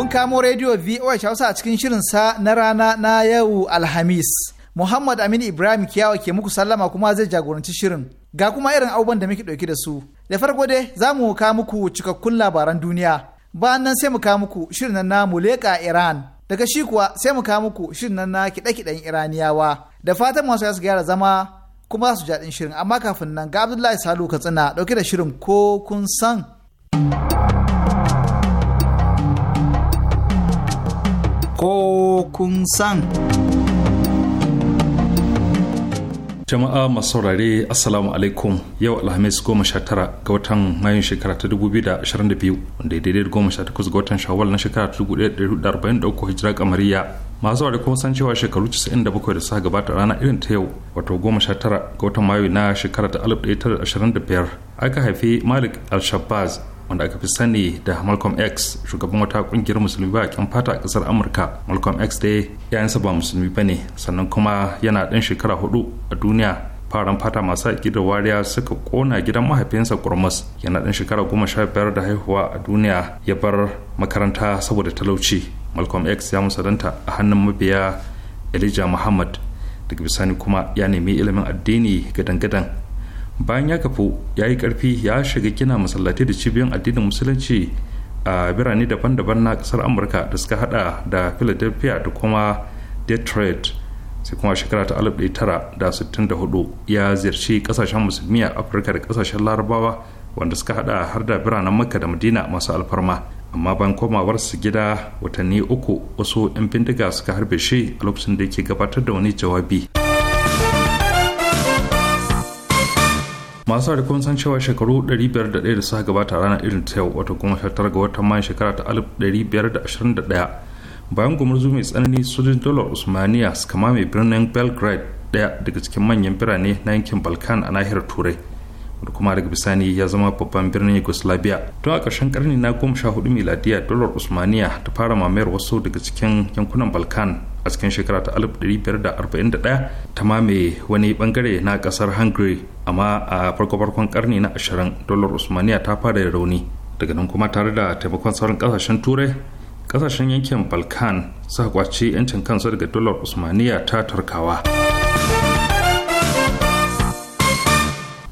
Kun kamo rediyo VOA Hausa a cikin shirin sa na rana na yau Alhamis. Muhammad Aminu Ibrahim Kiyawa ke muku sallama kuma zai jagoranci shirin. Ga kuma irin abubuwan da muke ɗauki da su. Da farko dai za mu ka muku cikakkun labaran duniya. Bayan nan sai mu ka muku shirin na Muleka Iran. Daga shi kuwa sai mu ka muku shirin na kiɗe-kiɗen Iraniyawa. Da fatan masu su gyara zama kuma su jaɗin shirin. Amma kafin nan ga Abdullahi Salu Katsina ɗauke da shirin ko kun san. ko kun san. jama'a masu saurare assalamu alaikum yau alhamis goma sha tara ga watan mayun shekara ta dubu biyu da ashirin da biyu wanda ya daidai goma sha takwas ga watan shawal na shekara ta dubu ɗaya da da arba'in da uku hijira kamariya masu saurare kuma san cewa shekaru casa'in da bakwai da suka gabata rana irin ta yau wato goma sha tara ga watan mayu na shekara ta alif ɗaya tara da ashirin da biyar aka haifi malik al-shabazz wanda aka fi sani da malcolm x shugaban wata kungiyar musulmi ba fata a kasar amurka malcolm x dai yayansa ba musulmi ba ne sannan kuma yana dan shekara hudu a duniya faran fata masu aiki da wariya suka kona gidan mahaifinsa kurmas yana dan shekara goma sha biyar da haihuwa a duniya ya bar makaranta saboda talauci malcolm x ya musadanta a hannun mabiya elijah muhammad daga bisani kuma ya nemi ilimin addini gadan-gadan bayan ya kafu ya yi karfi ya shiga gina masallatai da cibiyar addinin musulunci a birane daban-daban na kasar amurka da suka hada da philadelphia da kuma detroit sai kuma shekara ta 1964 ya ziyarci kasashen musulmi a afirka da kasashen larabawa wanda suka hada har da biranen makka da madina masu alfarma amma bayan komawar su gida watanni uku wasu 'yan bindiga suka harbe shi a lokacin da yake gabatar da wani jawabi. masu sauri kun san cewa shekaru 501 da suka gabata rana irin ta yau wato kuma shatar ga watan mayu shekara ta 1521 bayan gumurzu mai tsanani sojin dolar usmaniya suka mame birnin belgrade daya daga cikin manyan birane na yankin balkan a nahiyar turai wanda kuma daga bisani ya zama babban birnin yugoslavia tun a ƙarshen karni na goma sha hudu miladiya dolar usmaniya ta fara mamayar wasu daga cikin yankunan balkan a cikin shekara ta 1541 ta mamaye wani bangare na kasar hungary amma a farko farkon karni na ashirin dolar usmaniya ta fara da rauni daga nan kuma tare da taimakon sauran kasashen turai kasashen yankin balkan suka kwaci 'yancin kansu daga dolar usmaniya ta turkawa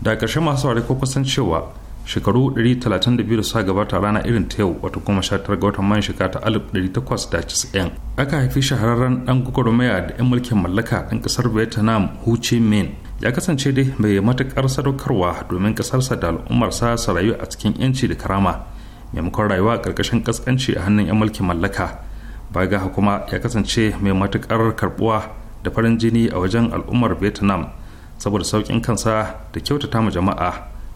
da ƙarshe masu ware ko kusan cewa shekaru 132 da suka gabata rana irin ta yau wata kuma sha tara ga watan man shiga ta 1890 aka haifi shahararren dan gwagwarmaya da 'yan mulkin mallaka ɗan ƙasar vietnam hu chi minh ya kasance dai mai matukar sadaukarwa domin ƙasarsa da al'ummarsa su rayu a cikin 'yanci da karama maimakon rayuwa a ƙarƙashin ƙasƙanci a hannun 'yan mulkin mallaka baya ga kuma ya kasance mai matukar karbuwa da farin jini a wajen al'ummar vietnam saboda sauƙin kansa da kyautata ma jama'a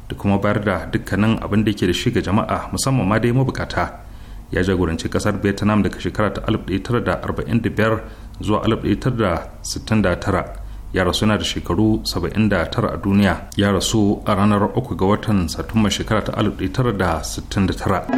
da kuma bayar da dukkanin abin da yake da shi ga jama'a musamman ma dai mabukata ya jagoranci kasar vietnam daga shekara ta 1945 zuwa 1969 ya rasu yana da shekaru 79 a duniya ya rasu a ranar 3 ga watan satumba shekara ta 1969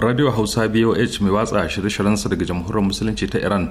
radio hausa boh mai watsa shirye-shiryensa daga jamhuriyar musulunci ta iran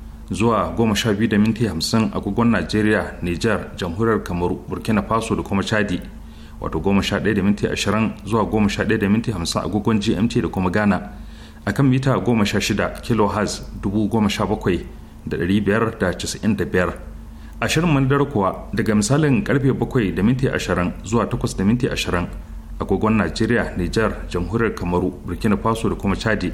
zuwa goma sha biyu da minti agogon najeriya niger jamhuriyar kamaru burkina faso da kuma chadi wato goma sha ɗaya zuwa goma sha ɗaya da minti agogon gmt da kuma ghana akan mita goma sha shida kilohertz dubu goma sha bakwai biyar da da biyar ashirin mandar kuwa daga misalin karfe bakwai da minti ashirin zuwa takwas da minti ashirin agogon najeriya niger jamhuriyar kamaru burkina faso da kuma chadi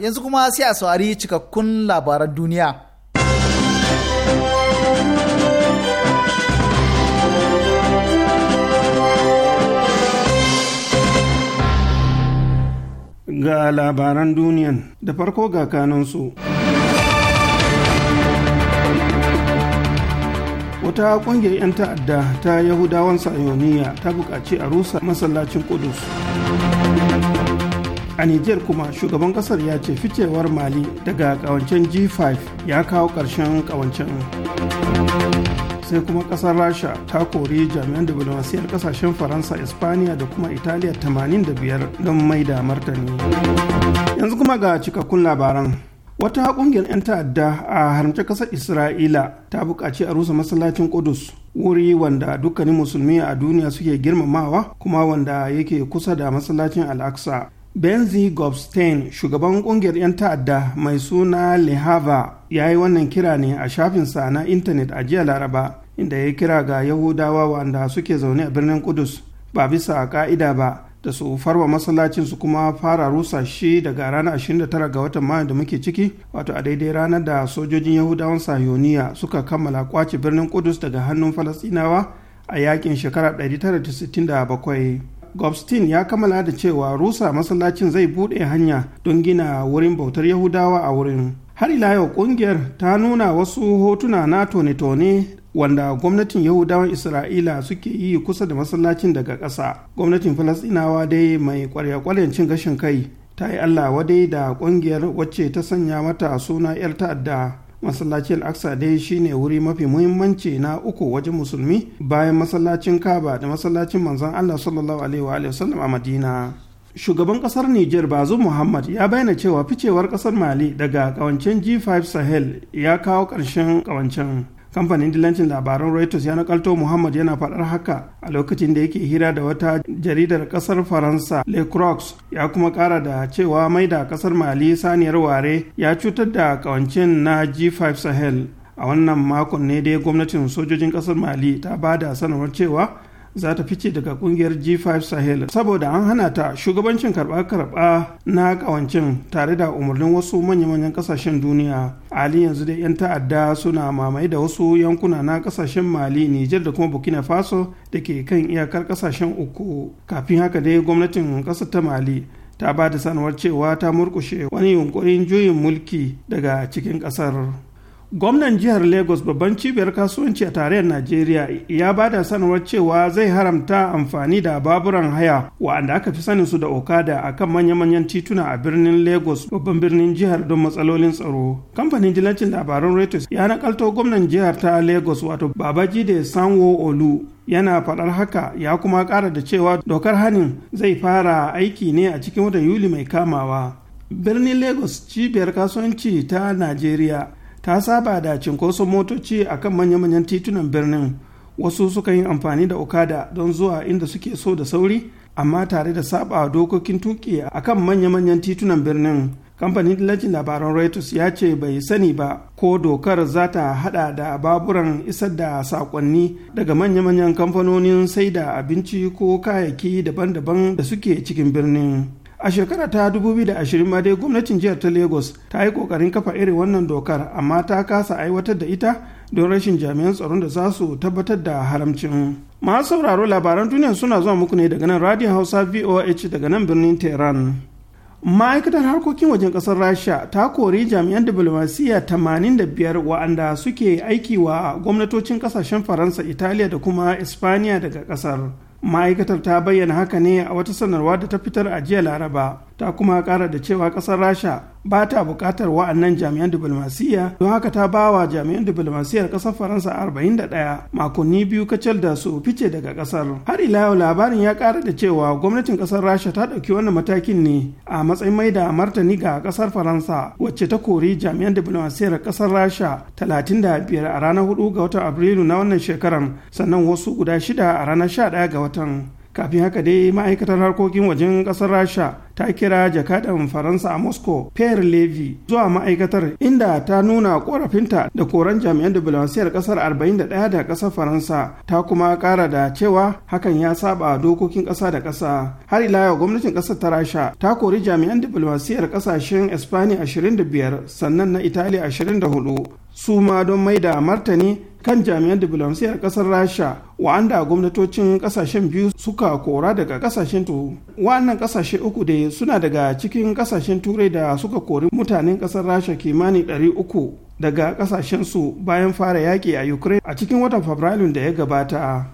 yanzu kuma sai a saurari cikakkun labaran duniya. Ga labaran duniyan da farko ga kanansu. Wata ƙungiyar 'yan ta'adda ta Yahudawan Sayoniya ta buƙaci a rusa masallacin Kudus. a nijar kuma shugaban kasar ya ce ficewar mali daga kawancen g5 ya kawo ƙarshen kawancen sai kuma kasar rasha ta kori jami'an diplomasiyar kasashen faransa ispaniya da kuma italiya 85 don mai da martani yanzu kuma ga cikakkun labaran wata ƙungiyar 'yan ta'adda a haramce kasar isra'ila ta buƙaci a rusa masallacin kudus wuri wanda dukkanin musulmi a duniya suke girmamawa kuma wanda yake kusa da masallacin alaksa benzi gobstein shugaban kungiyar 'yan ta'adda mai suna lehava ya yi wannan kira ne a shafinsa na intanet a jiya laraba inda ya kira ga yahudawa wanda suke zaune a birnin kudus ba bisa ka'ida ba da su farwa masallacin su kuma fara rusa shi daga ranar 29 ga watan mayu da muke ciki wato a daidai ranar da sojojin yahudawan sayoniya suka kammala kwace birnin kudus daga hannun falasɗinawa a yakin shekarar 1967 Gobstein ya kammala da cewa rusa masallacin zai buɗe hanya don gina wurin bautar Yahudawa a wurin. Har ila yau ƙungiyar ta nuna wasu hotuna na tone-tone wanda gwamnatin Yahudawan Isra'ila suke yi kusa da masallacin daga ƙasa. Gwamnatin Falasɗinawa dai mai ƙwarya-ƙwaryan cin gashin kai ta yi Allah wadai da ƙungiyar wacce ta sanya mata suna 'yar ta'adda. masallaci al-aqsa dai shine wuri mafi muhimmanci na uku wajen musulmi bayan masallacin kaba da masallacin manzon allah sallallahu alaihi wa a madina shugaban kasar niger bazu muhammad ya bayyana cewa ficewar kasar mali daga kawancen g5 sahel ya kawo ƙarshen kawancen kamfanin dillancin labaran reuters ya nakalto muhammad yana faɗar haka a lokacin da yake hira da wata jaridar ƙasar faransa le croix ya kuma ƙara da cewa mai da ƙasar mali saniyar ware ya cutar da ƙawancin na g5 sahel a wannan makon ne dai gwamnatin sojojin ƙasar mali ta ba da sanarwar cewa za ta fice daga kungiyar G5 Sahel saboda an hana ta shugabancin karɓa-karɓa na ƙawancin tare da umarnin wasu manya-manyan ƙasashen duniya. Ali yanzu da 'yan ta'adda suna mamaye da wasu yankuna na ƙasashen Mali, Nijar da kuma Burkina Faso da ke kan iyakar ƙasashen uku. Kafin haka dai gwamnatin ƙasar ta Mali ta ba da sanuwar cewa ta murƙushe wani yunkurin juyin mulki daga cikin ƙasar. gwamnan jihar lagos babban cibiyar kasuwanci a tarayyar najeriya ya ba da sanarwar cewa zai haramta amfani da baburan haya wa'anda aka fi sanin su da okada a kan manya-manyan tituna a birnin lagos babban birnin jihar don matsalolin tsaro kamfanin jilancin labaran reuters ya nakalto gwamnan jihar ta lagos wato "Babaji babajide sanwo olu yana faɗar haka ya kuma ƙara da cewa dokar hanin zai fara aiki ne a cikin watan yuli mai kamawa birnin lagos cibiyar kasuwanci ta najeriya ta saba da cinkoson motoci a kan manya-manyan titunan birnin wasu suka yi amfani da okada don zuwa inda suke so da sauri amma tare da saba dokokin tuki a kan manya-manyan titunan birnin kamfanin dillacin labaran reuters ya ce bai sani ba ko dokar za ta hada da baburan isar da sakonni daga manya-manyan kamfanonin sai da abinci ko kayayyaki daban-daban da suke cikin birnin a shekara ta 2020 ma dai gwamnatin jihar ta lagos ta yi kokarin kafa irin wannan dokar amma ta kasa aiwatar da ita don rashin jami'an tsaron da za su tabbatar da haramcin masu sauraro labaran duniya suna zuwa muku ne daga nan radio hausa voh daga nan birnin tehran ma'aikatar harkokin wajen kasar rasha ta kori jami'an diplomasiya 85 wa'anda suke aiki wa gwamnatocin kasashen faransa italiya da kuma ispaniya daga kasar ma'aikatar ta bayyana haka ne a wata sanarwa da ta fitar a jiya laraba ta kuma kara da cewa kasar rasha ba ta bukatar wa'annan jami'an diplomasiyya don haka ta ba wa jami'an diplomasiyyar kasar faransa 41 makonni biyu kacal da su fice daga kasar har ila yau labarin ya kara da cewa gwamnatin kasar rasha ta dauki wannan matakin ne a matsayin mai da martani ga kasar faransa wacce ta kori jami'an diplomasiyyar kasar rasha 35 a ranar 4 ga watan abrilu na wannan shekarar sannan wasu guda shida a ranar 11 ga watan kafin haka dai ma'aikatar harkokin wajen kasar rasha ta kira jakadan faransa a moscow pierre levy zuwa ma'aikatar inda ta nuna korafinta da koran jami'an diplomasiyar kasar 41 da kasar faransa ta kuma kara da cewa hakan ya saba dokokin kasa da kasa har ila yau gwamnatin kasar ta rasha ta kori jami'an diplomasiyar kasashen espanya 25 sannan na italiya 24 su ma don mai da martani kan jami'an diplomasiyar kasar rasha wa'anda gwamnatocin kasashen biyu suka kora daga kasashen tuhu wa'annan kasashe uku da suna daga cikin kasashen turai da suka kori mutanen kasar rasha kimanin uku daga su bayan fara yaƙi a ukraine a cikin watan fabrairun da ya gabata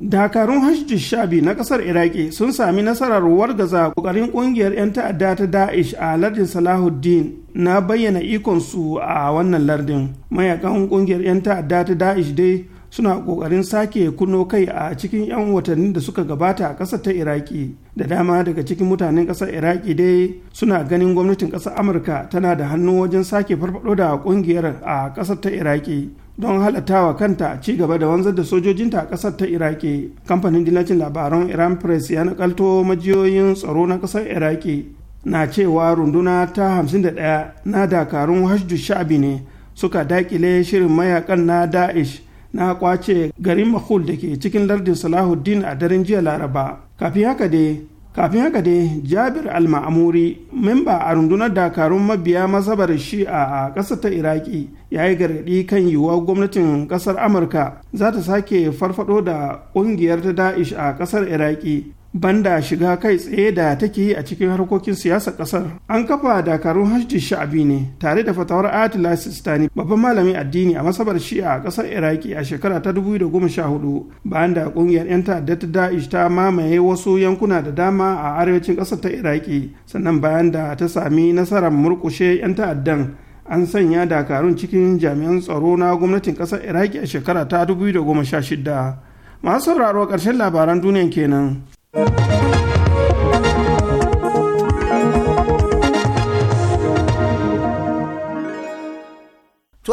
dakarun hajji shabi na kasar iraki sun sami nasarar wargaza kokarin kungiyar 'yan ta'adda ta da'ish a lardin salahuddin na bayyana ikonsu a wannan lardin mayakan kungiyar 'yan ta'adda ta da'ish dai suna ƙoƙarin sake kuno kai a cikin 'yan watannin da suka gabata a ƙasar ta iraki da dama daga cikin mutanen ƙasar iraki dai suna ganin gwamnatin ƙasar amurka tana da hannu wajen sake farfado da ƙungiyar a ƙasar ta iraki don halattawa kanta ci gaba da wanzar da sojojinta a ƙasar ta iraki kamfanin dillacin labaran iran press ya nakalto majiyoyin tsaro na ƙasar iraki na cewa runduna ta da 51 na dakarun hajju sha'abi ne suka dakile shirin mayakan na da'ish na kwace garin mahul da ke cikin lardin salahuddin a daren jiya laraba kafin haka dai kafin haka dai jabir alma'amuri memba a rundunar dakarun mabiya masabar shi'a a ƙasar ta iraki ya yi gargaɗi kan yiwuwa gwamnatin ƙasar amurka za ta sake farfado da ƙungiyar ta da'ish a ƙasar iraki banda shiga kai tsaye da take yi a cikin harkokin siyasar kasar an kafa dakarun hajji sha'abi ne tare da fatawar atila sistani babban malamin addini a masabar shi'a a kasar iraki a shekara ta 2014 bayan da kungiyar 'yan ta'adda ta da'ish ta mamaye wasu yankuna da dama a arewacin kasar ta iraki sannan bayan da ta sami nasarar murkushe 'yan ta'addan an sanya dakarun cikin jami'an tsaro na gwamnatin kasar iraki a shekara ta 2016 masu sauraro ƙarshen labaran duniya kenan To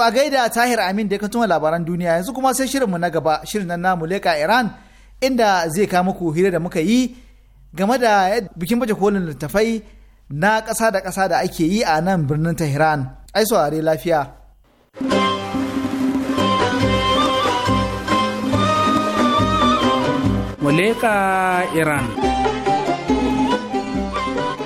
a gaida Tahir Amin da ya kantuma labaran duniya yanzu kuma sai shirinmu na gaba shirin na namu leka Iran inda zai kawo muku hira da muka yi game da bikin baje kolin littattafai na ƙasa da ƙasa da ake yi a nan birnin Tehran. Ai saurari lafiya. Muleka Iran.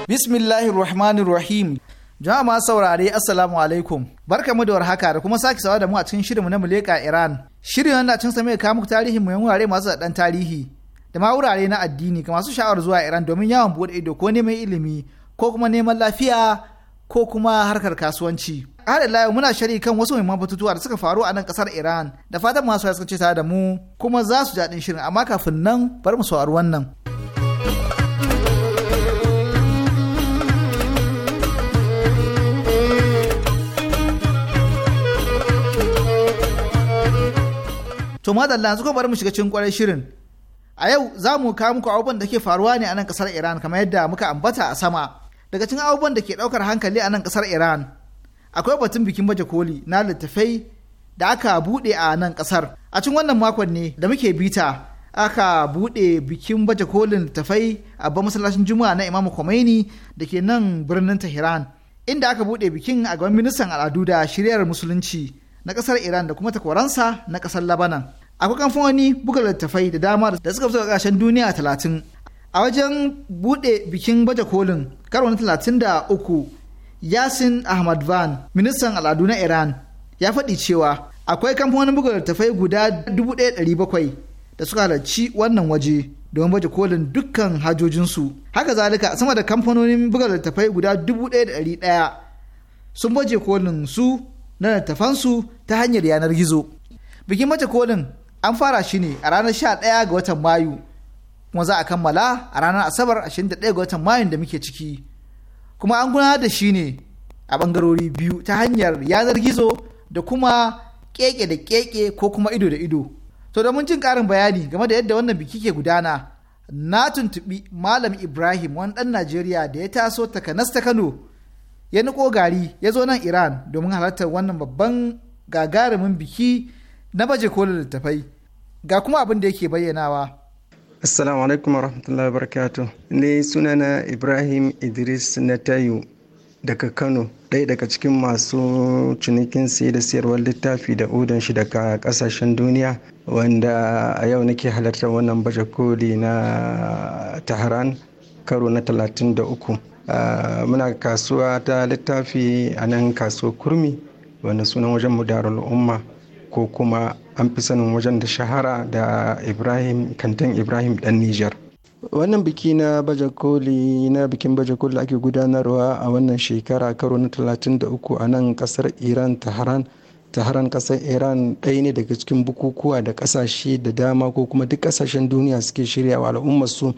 Bismillahir Rahmanir Rahim. Jama'a masu saurare Assalamu alaikum. barka mu da warhaka da kuma sake sawa da mu a cikin shirinmu na Muleka Iran. Shirin yana cin sa mai kawo muku tarihi mu wurare masu dan tarihi da ma wurare na addini ga masu sha'awar zuwa Iran domin yawon bude ido ko neman ilimi ko kuma neman lafiya ko kuma harkar kasuwanci. har ila muna shari kan wasu muhimman batutuwa da suka faru a nan kasar Iran da fatan masu ya ce tare da mu kuma za su jaɗin shirin amma kafin nan bar mu saurari wannan. To madalla yanzu bari mu shiga cikin kwarai shirin. A yau za mu kawo muku abubuwan da ke faruwa ne a nan kasar Iran kamar yadda muka ambata a sama. Daga cikin abubuwan da ke ɗaukar hankali a nan kasar Iran akwai batun bikin baje koli na littattafai da aka buɗe a nan ƙasar a cikin wannan makon ne da muke bita aka buɗe bikin baje kolin littattafai a ba masallacin juma'a na imamu Khomeini da ke nan birnin tehran inda aka buɗe bikin a gaban ministan al'adu da shiryar musulunci na ƙasar iran da kuma takwaransa na ƙasar labanan akwai kamfanoni buga littafai da dama da suka fito ƙarshen duniya talatin a wajen buɗe bikin baje kolin karo na talatin da uku yasin ahmad van ministan al'adu na iran ya faɗi cewa akwai kamfanin buga littattafai guda 1,700 da suka halarci wannan waje domin baje kolin dukkan hajojinsu haka zalika sama da kamfanonin buga littattafai guda 1,100 sun baje kolin su na littattafansu ta hanyar yanar gizo bikin baje kolin an fara shi ne a ranar 11 ga watan mayu kuma za a kammala a ranar asabar 21 ga watan mayu da muke ciki kuma an gudanar da shi ne a bangarori biyu ta hanyar yanar gizo da kuma keke da keke ko kuma ido da ido to mun jin karin bayani game da yadda wannan biki ke gudana na tuntuɓi malam ibrahim wani ɗan najeriya da ya taso takanas ta kano ya niko gari ya zo nan iran domin halartar wannan babban gagarumin biki na baje kolin littattafai ga kuma abin da yake bayyanawa Assalamu alaikum warahmatullahi wabarakatuh. Ne sunana Ibrahim Idris Natayu daga Kano, ɗaya daga cikin masu cinikin sai da siyarwar littafi da udon shi daga ƙasashen duniya wanda a yau nake halartar wannan baje koli na Tehran karo na 33. Muna kasuwa ta littafi a nan kasuwar kurmi wanda sunan wajen mudarul umma ko kuma an fi sanin wajen da shahara da ibrahim kantin ibrahim dan nijar wannan biki na baje koli na bikin baje koli ake gudanarwa a wannan shekara karo na 33 a nan kasar iran taharan taharan kasar iran ɗaya ne daga cikin bukukuwa da ƙasashe da dama ko kuma duk ƙasashen duniya suke shirya wa al'ummarsu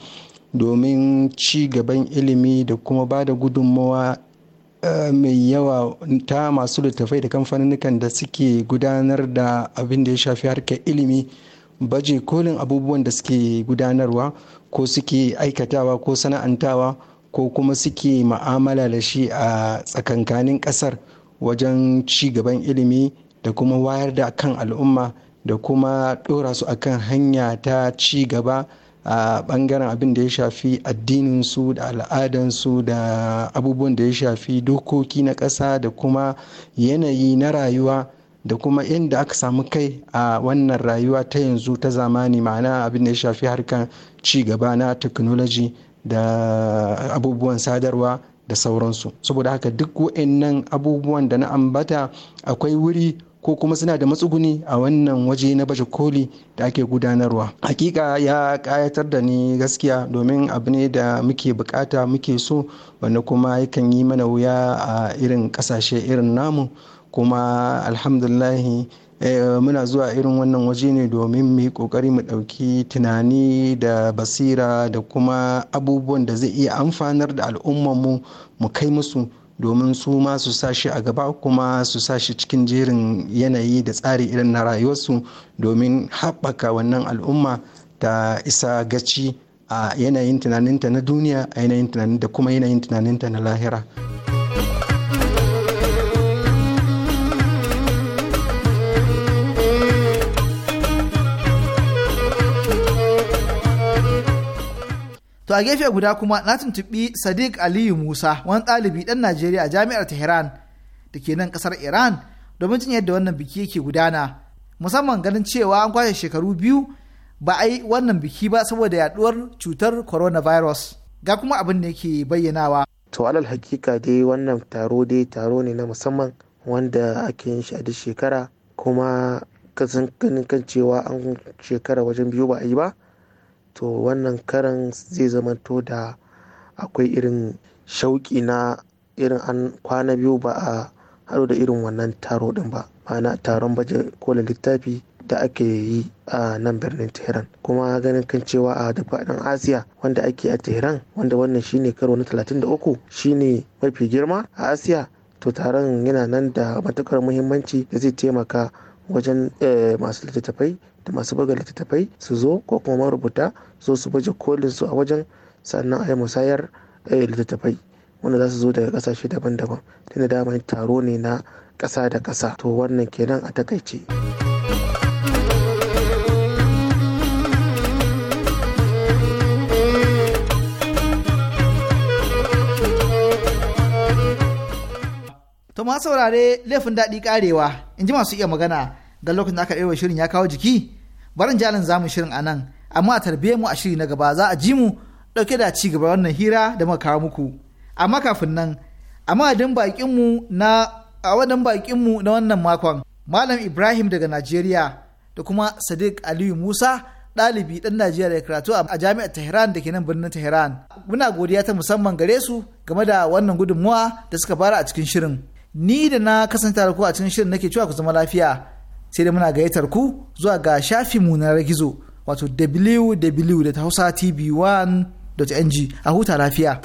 domin ci gaban ilimi da kuma ba da gudunmawa Eh, mai yawa ta masu littattafai da kamfanin da suke gudanar da abin da ya shafi harkar ilimi baje kolin abubuwan da suke gudanarwa ko suke aikatawa ko sana'antawa ko kuma suke ma'amala da shi a tsakankanin kasar wajen ci gaban ilimi da kuma wayar da kan al'umma da kuma ɗora su akan hanya ta ci gaba a bangaren abin da ya shafi addininsu da al'adansu da abubuwan da ya shafi dokoki na ƙasa da kuma yanayi na rayuwa da kuma inda aka samu kai a wannan rayuwa ta yanzu ta zamani ma'ana abin da ya shafi harkar cigaba na technology da abubuwan sadarwa da sauransu saboda haka duk nan abubuwan da na ambata akwai wuri ko kuma suna da matsuguni a wannan waje na baje koli da ake gudanarwa hakika ya kayatar da ni gaskiya domin abu ne da muke bukata muke so wanda kuma yakan yi mana wuya a irin kasashe irin namu kuma alhamdulahi eh, muna zuwa irin wannan waje ne domin mu yi kokari mu ɗauki tunani da basira da kuma abubuwan da zai iya amfanar da al'ummarmu mu kai musu domin su ma su sashi a gaba kuma su sashi cikin jerin yanayi da tsari irin na rayuwarsu domin haɓaka wannan al'umma ta isa gaci a yanayin tunaninta na duniya a yanayin tunaninta kuma yanayin tunaninta na lahira. To a gefe guda kuma na tuntuɓi Sadiq Aliyu Musa wani ɗalibi ɗan Najeriya a jami'ar Tehran da ke nan ƙasar Iran domin jin yadda wannan biki yake gudana musamman ganin cewa an kwashe shekaru biyu ba a yi wannan biki ba saboda yaɗuwar cutar coronavirus ga kuma abin da yake bayyanawa. To alal hakika dai wannan taro dai taro ne na musamman wanda ake yin shi a duk shekara kuma kasan ganin kan cewa an shekara wajen biyu ba a yi ba to wannan karan zai zamanto da akwai irin shauƙi na irin an kwana biyu ba a haɗu da irin wannan taro ɗin ba ma'ana taron baje kolin littafi da ake yi a nan birnin tehran kuma ganin kan cewa a duk faɗin asiya wanda ake a tehran wanda wannan shine karo na 33 shine mafi girma a asiya to taron yana nan da matukar muhimmanci da zai taimaka wajen eh, masu littattafai da masu buga littattafai su zo ko kuma marubuta zo su baje kolin su a wajen sannan a yi musayar eh, littattafai wanda za su zo daga kasashe daban-daban tunda dama taro ne na ƙasa da ƙasa to wannan kenan a takaice. To ma saurare laifin daɗi ƙarewa in ji masu iya magana ga lokacin da aka ɗaya shirin ya kawo jiki barin jalin zamu shirin a nan amma a tarbiyyar mu a shiri na gaba za a ji mu ɗauke da ci gaba wannan hira da muka kawo muku amma kafin nan a madadin bakinmu na a wadan mu na wannan makon malam ibrahim daga najeriya da kuma sadiq aliyu musa ɗalibi ɗan najeriya da karatu a jami'ar tehran da ke nan birnin tehran muna godiya ta musamman gare su game da wannan gudunmuwa da suka fara a cikin shirin ni da na kasance da ku a cikin shirin nake cewa ku zama lafiya sai da muna gayyatar ku zuwa ga mu na gizo wato www.hausatv1.ng a huta lafiya.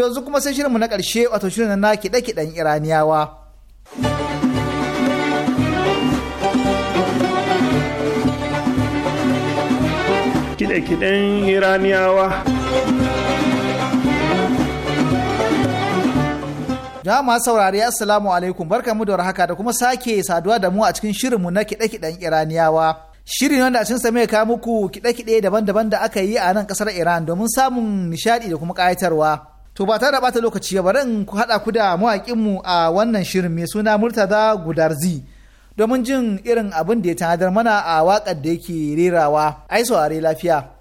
to yanzu kuma sai shirinmu na ƙarshe wato shirin na kiɗe-kiɗen iraniyawa kiɗe-kiɗen iraniyawa jama'a masu saurari assalamu alaikum barkamu da warhaka da kuma sake saduwa da mu a cikin shirinmu na kiɗe-kiɗen iraniyawa shiri ne wanda a cikinsa mai kawo muku kiɗe-kiɗe daban-daban da aka yi a nan ƙasar iran domin samun nishaɗi da kuma ƙayatarwa To ba ta da bata lokaci ba ran ku haɗa ku da mawaƙinmu a wannan shirin mai suna Murtaza Gudarzi domin jin irin abin da ya tanadar mana a waƙar da yake rerawa. Ai saurare lafiya.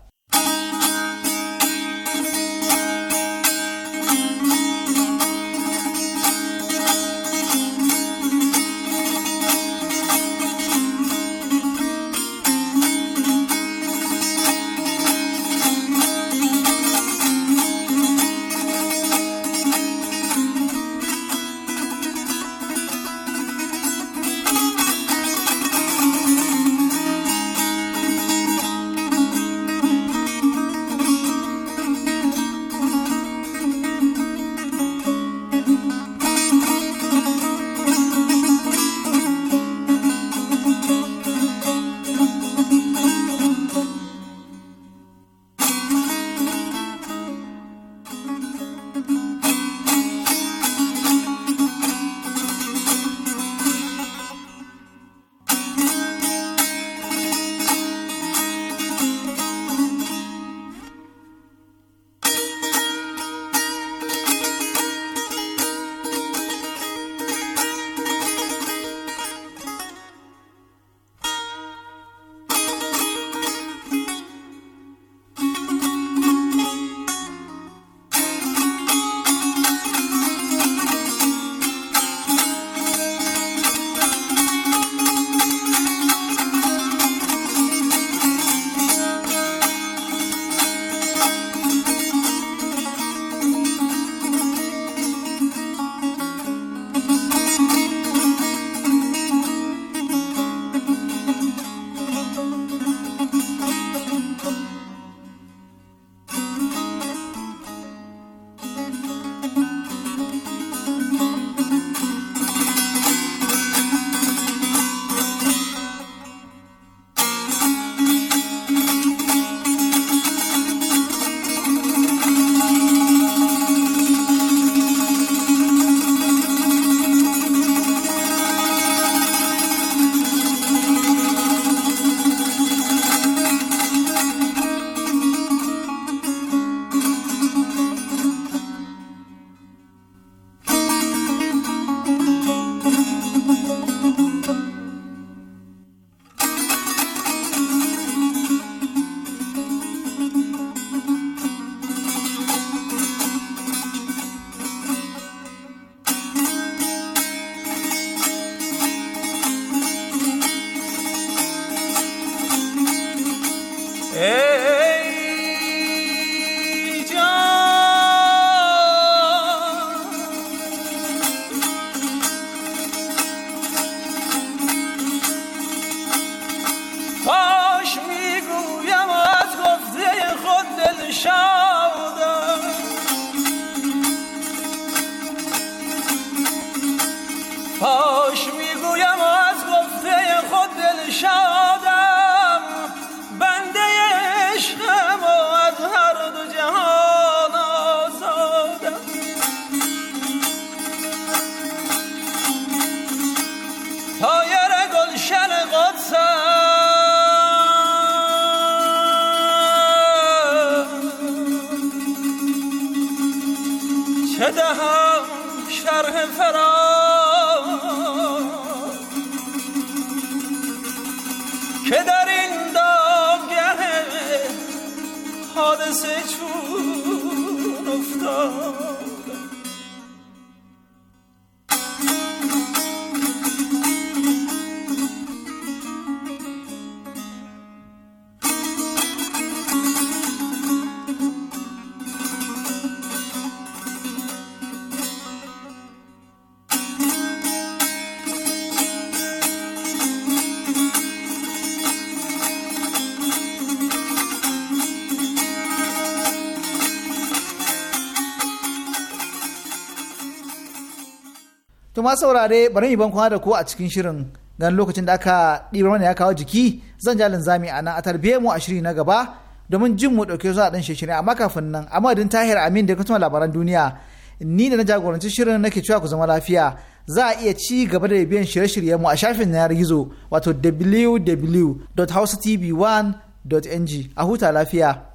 to ma saurare bari mu ban kwana da ku a cikin shirin gan lokacin da aka ɗibar mana ya kawo jiki zan ja linzami a nan a tarbiyyar mu a shiri na gaba domin jin mu ɗauke su a ɗan shirin amma kafin nan amma madadin tahir amin da kuma labaran duniya ni da na jagoranci shirin nake cewa ku zama lafiya za a iya ci gaba da biyan shirye mu a shafin yanar gizo wato www.hausatv1.ng a huta lafiya.